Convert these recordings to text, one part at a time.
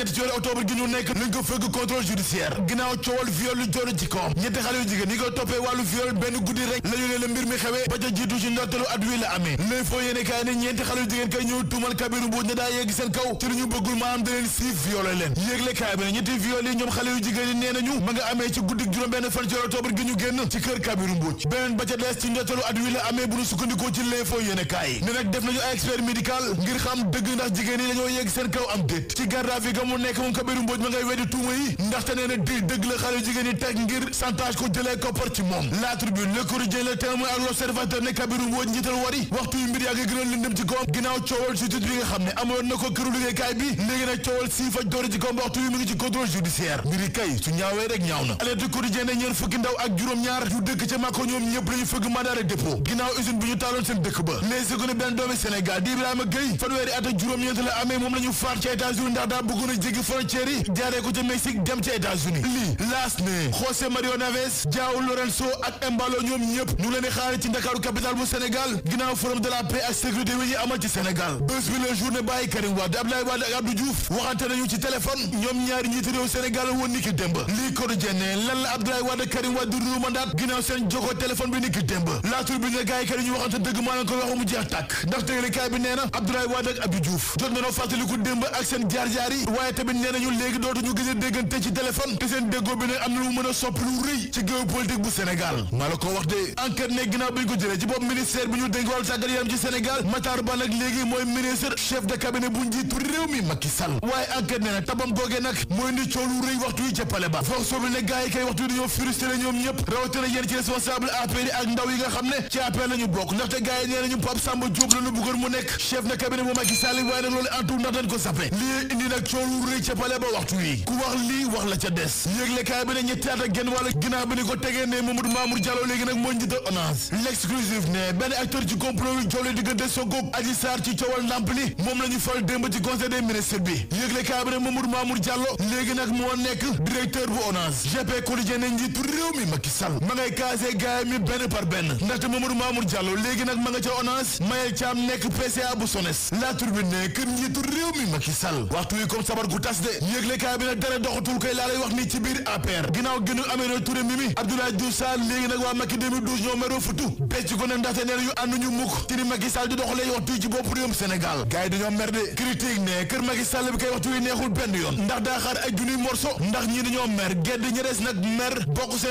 ñetti ci weeru octobre gi ñu ko fekk contrôle judiciaire ginnaaw coowal viol lu joru ci koom ñetti xale yu jigéen ñi ko toppee wàllu viol benn guddi rek la leen mbir mi xewee ba ca jiitu ci ndorteelu at wi la amee lay foo yéene kaay ne ñeenti xale yu jigéen kay ñëw tuumal kabiru mbuuj ne daa yegg seen kaw ci lu ñu bëggul maanaam da leen sii violé leen yéegle kaay bi ne ñetti viol yi ñoom xale yu jigéen yi nee nañu ma nga amee ci guddi juróom benn fan ci mu nekk moom Kabirou Mbodj ma ngay weddi tuuma yi ndaxte nee na di dëgg la xale jigéen yi teg ngir chantage ko jëlee koppar ci moom La Tribune Le Quotidien Le Témoin ak L'Observateur ne Kabirou Mbodj njiital wari waxtu yu mbir yaa ngi gënoon lëndëm ci koom ginnaaw coowal si tut bi nga xam ne amoon na ko këru liggéeykaay bi léegi nag coowal sii faj doore koom waxtu yu mi ngi ci contrôle judiciaire mbiri kay su ñaawee rek ñaaw na Alerte Quotidien ne ñeen jéggi frontière yi jaaree ko ca Mexique dem ca états lii laas ne José Mario Naves Joao Lorenzo ak Embalo ñoom ñëpp ñu leen di xaar ci Ndakaaru capitale bu Sénégal ginnaaw forum de la paix ak sécurité wi ñu amal ci Sénégal bés bi la journée bàyyi Karim Wade Abdoulaye Wade ak Abdou Diouf waxante nañu ci téléphone ñoom ñaari njiitu réew Sénégal woon ni démb lii ko jenne lan la Abdoulaye Wade Karim Wade du mandat ginnaaw seen jokko téléphone bi ni ki démb laatur bi ne yéenekaay tamit nee nañu léegi dootuñu gis a déggante ci téléphone te seen déggoo bi ne am na lu mën a soppi lu rëy ci géopolitique bu Sénégal maa ko wax de ne ginnaaw bi ñu ko jëlee ci bopp ministère bi ñu dénk wàllu tàggat ci Sénégal Matar Ba nag léegi mooy ministre chef de cabinet bu njiitu réew mi Macky Sall waaye enquête ne nag tabam googee nag mooy ni coow rëy waxtu yi jëppale ba foog soobi ne gars kay waxtu yi dañoo ñoom ñëpp rawatina yéen ci responsable wu rëy ca pale ba waxtu wi ku wax lii wax la ca des yëglekaay bi ne ñetti at genn wàllu ginnaaw bi ni ko tegee ne Mamadou Mamour Diallo léegi nag moo njiital ONAS l'exclusif ne benn acteur ci complot wi jolee diggante Sonko Adji Sarr ci coowal ndàmp li moom la fal démb ci conseil des ministres bi yëglekaay bi ne Mamadou Mamour Diallo léegi nag moo nekk directeur bu ONAS GP Quotidien ne njiitu réew mi Macky Sall ma ngay kaasee gaay mi benn par benn ndaxte Mamadou Mamour Diallo léegi nag ma nga ca ONAS Mayel nekk PCA bu SONES la turbine ne kër njiitu réew mi Macky Sall waxtu wi comme nag dara doxatul ci biir APR ginnaaw gënu waa Macky 2012 ñoo meroo futu becc nag ndaxte nee ñu mukk ci ni Macky Sall di doxalee waxtu ci bopp réewum Sénégal gaay dañoo mer de critique ne kër Macky Sall bi kay waxtu wi neexul benn yoon ndax daa xaar ay junniy morso ndax Thierno moo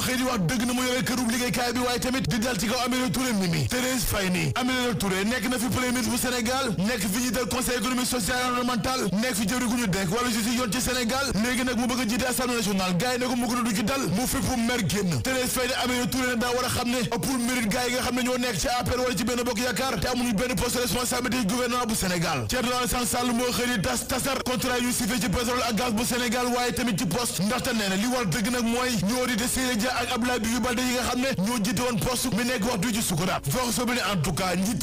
xëy di wax dëgg na mu yore kërum liggéeykaay bi waaye tamit di dal ci kaw Aminata Touré mi mi Thérèse Faye nii Aminata Touré nekk na fi premier bu Sénégal nekk fi jiital conseil gu ñu dekk wàllu justice yoon ci Sénégal léegi nag mu bëgg jiite assemblée nationale gars yi ne ko mu gën a du ci mu fépp mer génn Thérèse Faye ne Aminata Touré ne daa war a xam ne ëppul mérite gars yi nga xam ne ñoo nekk ci APR wala ci benn benn poste responsabilité gouvernement bu Sénégal Thierno Alassane Sall moo xëy di tas tasar contrat yu sife ci pétrole ak gaz bu Sénégal waaye tamit ci poste ndaxte nee li war dëgg nag mooy ñoo di Siré Dia ak Abdoulaye Bibi Baldé yi nga xam ne ñoo jiite woon poste mi nekk wax du ci sukuraat vox sobi ne en tout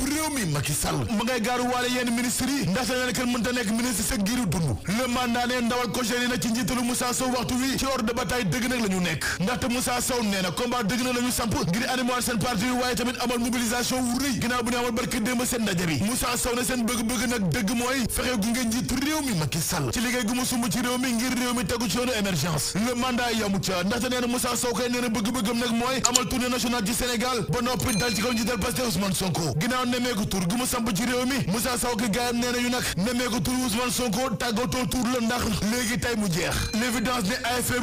réew mi Macky Sall ma ngay yenn ministres yi ndaxte nee kenn mënta nekk ministre sa giiru dund le mandat ne ndawal seen ndaje bi Moussa Sow ne seen bëgg-bëgg nag dëgg mooy fexe gunge njiitu réew mi Macky Sall ci liggéey gu mu ci réew mi ngir mi tegu ci yoonu émergence le mandat yamu ca ndaxte nee na Moussa Sow kay nee bëgg mooy amal tournée nationale ci Sénégal ba noppi ci kaw njiital Pastef Ousmane Sonko ginnaaw nemeeku tur gu mu ci réew mi Moussa Sow ki gaayam nee na ñu nag nemeeku tur Ousmane Sonko tàggatoo tur la ndax léegi tay jeex l'évidence ne AFP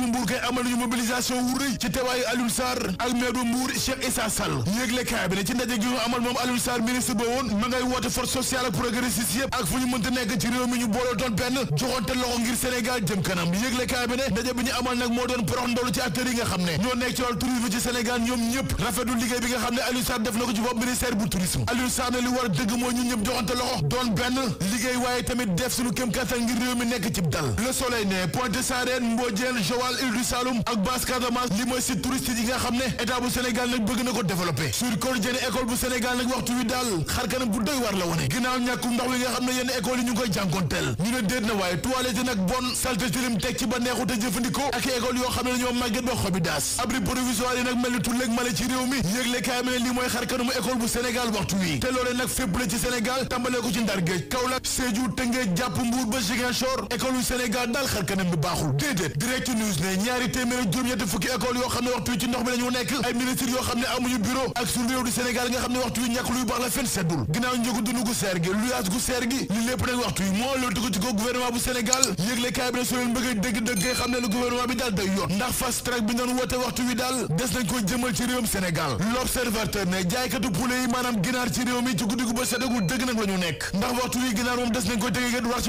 bu Mbour ma ngay force sociale ak progressiste yëpp ak fu ñu mënta nekk ci réew mi ñu booloo doon benn joxante loxo ngir Sénégal jëm kanam yëglekaay bi ne ndaje bi ñu amal nag moo doon porox ndolu ci acteurs nga xam ne ñoo nekk ci wàllu tourisme ci Sénégal ñoom ñëpp rafetlu liggéey bi nga xam ne Aliou Sarr na ko ci bopp ministère bu tourisme Aliou ne li war dëgg mooy ñun ñëpp joxante loxo doon benn liggéey waaye tamit def suñu kéem kattan ngir réew mi bu doy war la wone ginnaaw ñàkkum ndox mi nga xam ne yenn école yi ñu ngi koy jànkoonteel ñu ne déet na waaye toilette yi nag bon salte tilim teg ci ba neexut jëfandikoo ak école yoo xam ne ñoo màgget ba xobi daas abri provisoire yi nag mel ni tulleeg male ci mi yëgle kaay ma ne bu Sénégal waxtu wi te loolee nag fépp la ci Sénégal tàmbalee ko ci Ndar Géej jàpp Mbuur ba Ziguinchor école yu Sénégal daal bi baaxul déedéet direct news ne ñaari téeméer ak yoo xam ne waxtu ci ndox mi nekk ay ministres yoo xam ne amuñu bureau ak suñu réew du Sénégal nga xam ne waxtu wi ñàkk luy baax la fenn seddul ginnaaw njëgu dund gu seer gi luyaas gu seer gi li lépp nag waxtu yi moo loolu tuko ci ko gouvernement bu Sénégal yëgle kaay bi bëgg a dëgg-dëgg xam ne ne gouvernement bi daal day yoon ndax fast track bi doon woote waxtu wi daal des nañ ko jëmal ci réewum Sénégal l'observateur ne jaaykatu poulet yi maanaam ginaar ci réew mi ci guddi gu ba dëgg nag la nekk ndax waxtu wi ginaar moom des nañ ko dëgg ngeen du ko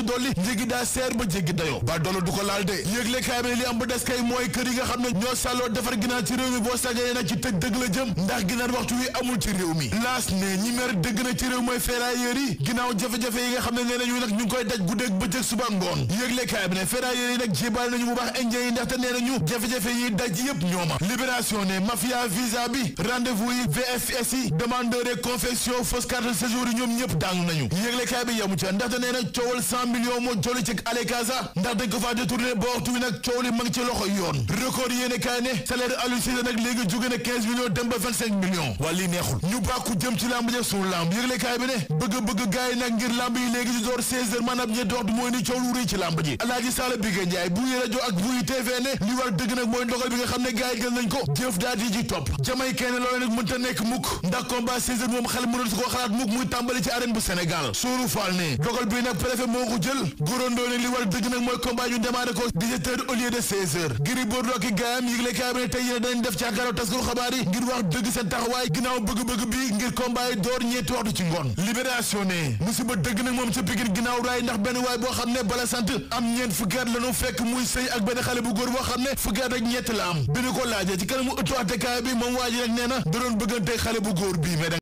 ci réew réew mooy ferrailleurs yi ginnaaw jafe-jafe yi nga xam ne nee nañu nag ñu koy daj guddeeg bëccëg suba ngoon yëglekaay bi ne ferrailleurs yi nag jébaale nañu bu baax indien yi ndaxte nee nañu jafe-jafe yi daj yëpp ñooma libération ne mafia visa bi rendez-vous yi VFS yi demandeur et confession fausse carte de yi ñoom ñëpp daanu nañu yëglekaay bi yamu ca ndaxte nee na coowal cent millions moo joli ci alekaasa ndax dañ ko faa détourné ba waxtu wi nag coow li ma ngi yoon record yéene kaay ne salaire Aliou Cissé nag léegi jóge na 15 kaay bi ne bëgg-bëgg gaay yi nag ngir lamb yi léegi di door 16h maanaam ñetti waxtu mooy ni coow lu rëy ci lamb ji alaaji Sala Bigé Njaay bu yi rajo ak gaayam yëgle kaay bi ne tey yéen dañ def ci àkaraw taskul xabaar yi ngir wax dëgg seen taxawaay ginnaaw bëgg-bëgg bi ngir combat door ñetti waxtu ci bon libération ne musiba dëgg nag moom ca Pikine ginnaaw raay ndax benn waay boo xam ne bala sant am ñeent fukki at la fekk muy sëy ak benn xale bu góor boo xam ne fukki at ak ñett la am bi ñu ko laajee ci kanamu ëttu attekaay bi moom waa ji nag nee na da doon bëggante xale bu góor bii